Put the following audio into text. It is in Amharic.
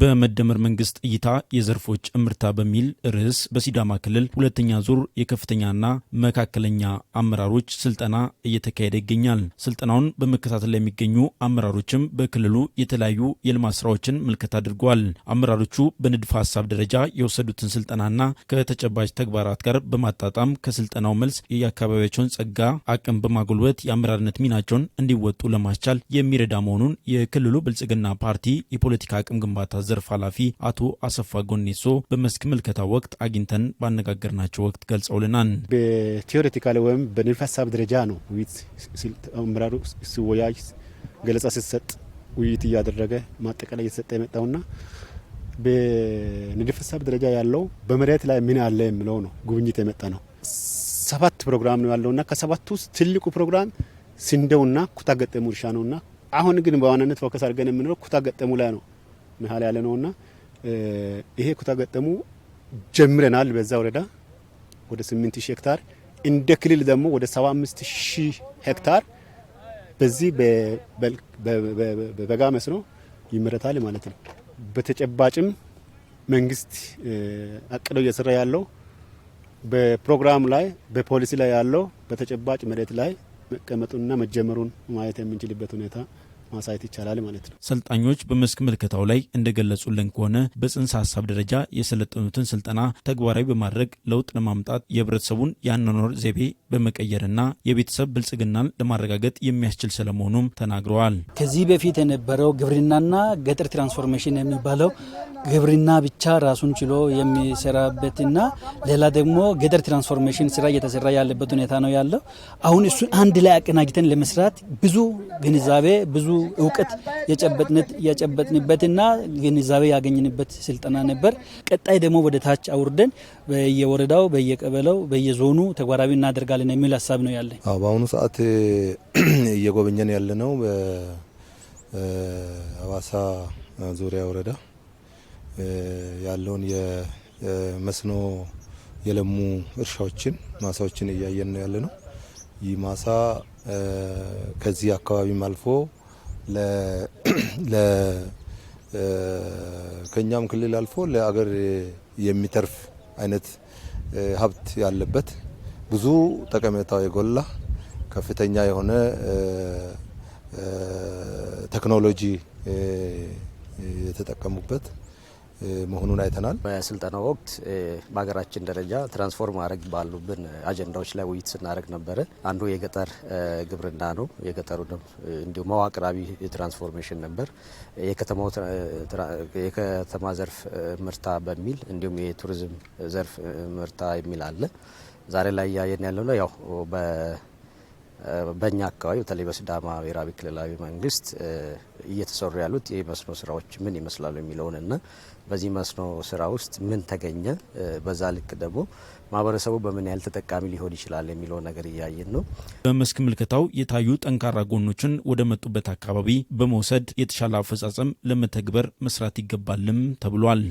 በመደመር መንግስት እይታ የዘርፎች እምርታ በሚል ርዕስ በሲዳማ ክልል ሁለተኛ ዙር የከፍተኛና መካከለኛ አመራሮች ስልጠና እየተካሄደ ይገኛል። ስልጠናውን በመከታተል ላይ የሚገኙ አመራሮችም በክልሉ የተለያዩ የልማት ስራዎችን ምልከት አድርገዋል። አመራሮቹ በንድፈ ሀሳብ ደረጃ የወሰዱትን ስልጠናና ከተጨባጭ ተግባራት ጋር በማጣጣም ከስልጠናው መልስ የአካባቢያቸውን ጸጋ አቅም በማጎልበት የአመራርነት ሚናቸውን እንዲወጡ ለማስቻል የሚረዳ መሆኑን የክልሉ ብልጽግና ፓርቲ የፖለቲካ አቅም ግንባታ ዘርፍ ኃላፊ አቶ አሰፋ ጎኔሶ በመስክ ምልከታ ወቅት አግኝተን ባነጋገርናቸው ወቅት ገልጸውልናል። በቴዎሬቲካል ወይም በንድፈ ሀሳብ ደረጃ ነው ውይይት አመራሩ ሲወያይ ገለጻ ሲሰጥ ውይይት እያደረገ ማጠቃላይ እየተሰጠ የመጣውና በንድፈ ሀሳብ ደረጃ ያለው በመሬት ላይ ምን አለ የሚለው ነው። ጉብኝት የመጣ ነው። ሰባት ፕሮግራም ነው ያለውና ከሰባቱ ውስጥ ትልቁ ፕሮግራም ስንዴውና ኩታ ገጠሙ እርሻ ነውና አሁን ግን በዋናነት ፎከስ አድርገን የምንለው ኩታ ገጠሙ ላይ ነው። መሀል ያለ ነውና ይሄ ኩታገጠሙ ጀምረናል። በዛ ወረዳ ወደ 8000 ሄክታር እንደ ክልል ደግሞ ወደ 75000 ሄክታር በዚህ በበጋ መስኖ ይመረታል ማለት ነው። በተጨባጭም መንግስት አቅዶ እየሰራ ያለው በፕሮግራም ላይ በፖሊሲ ላይ ያለው በተጨባጭ መሬት ላይ መቀመጡና መጀመሩን ማየት የምንችልበት ሁኔታ ማሳየት ይቻላል ማለት ነው። ሰልጣኞች በመስክ ምልከታው ላይ እንደገለጹልን ከሆነ በጽንሰ ሀሳብ ደረጃ የሰለጠኑትን ስልጠና ተግባራዊ በማድረግ ለውጥ ለማምጣት የህብረተሰቡን የአኗኗር ዘይቤ በመቀየርና የቤተሰብ ብልጽግናን ለማረጋገጥ የሚያስችል ስለመሆኑም ተናግረዋል። ከዚህ በፊት የነበረው ግብርናና ገጠር ትራንስፎርሜሽን የሚባለው ግብርና ብቻ ራሱን ችሎ የሚሰራበትና ሌላ ደግሞ ገጠር ትራንስፎርሜሽን ስራ እየተሰራ ያለበት ሁኔታ ነው ያለው። አሁን እሱን አንድ ላይ አቀናጅተን ለመስራት ብዙ ግንዛቤ ብዙ እውቀት የጨበጥንበትና ግንዛቤ ያገኝንበት ስልጠና ነበር። ቀጣይ ደግሞ ወደ ታች አውርደን በየወረዳው፣ በየቀበለው፣ በየዞኑ ተግባራዊ እናደርጋለን የሚል ሀሳብ ነው ያለን። በአሁኑ ሰዓት እየጎበኘን ያለነው በሀዋሳ ዙሪያ ወረዳ ያለውን የመስኖ የለሙ እርሻዎችን ማሳዎችን እያየን ነው ያለ ነው። ይህ ማሳ ከዚህ አካባቢም አልፎ ከኛም ክልል አልፎ ለአገር የሚተርፍ አይነት ሀብት ያለበት ብዙ ጠቀሜታው የጎላ ከፍተኛ የሆነ ቴክኖሎጂ የተጠቀሙበት መሆኑን አይተናል። በስልጠናው ወቅት በሀገራችን ደረጃ ትራንስፎርም ማድረግ ባሉብን አጀንዳዎች ላይ ውይይት ስናደርግ ነበረ። አንዱ የገጠር ግብርና ነው። የገጠሩንም እንዲሁ መዋቅራዊ ትራንስፎርሜሽን ነበር። የከተማ ዘርፍ ምርታ በሚል እንዲሁም የቱሪዝም ዘርፍ ምርታ የሚል አለ። ዛሬ ላይ እያየን ያለው ነው ያው በእኛ አካባቢ በተለይ በሲዳማ ብሔራዊ ክልላዊ መንግስት እየተሰሩ ያሉት የመስኖ ስራዎች ምን ይመስላሉ የሚለውን እና በዚህ መስኖ ስራ ውስጥ ምን ተገኘ፣ በዛ ልክ ደግሞ ማህበረሰቡ በምን ያህል ተጠቃሚ ሊሆን ይችላል የሚለው ነገር እያየን ነው። በመስክ ምልከታው የታዩ ጠንካራ ጎኖችን ወደ መጡበት አካባቢ በመውሰድ የተሻለ አፈጻጸም ለመተግበር መስራት ይገባልም ተብሏል።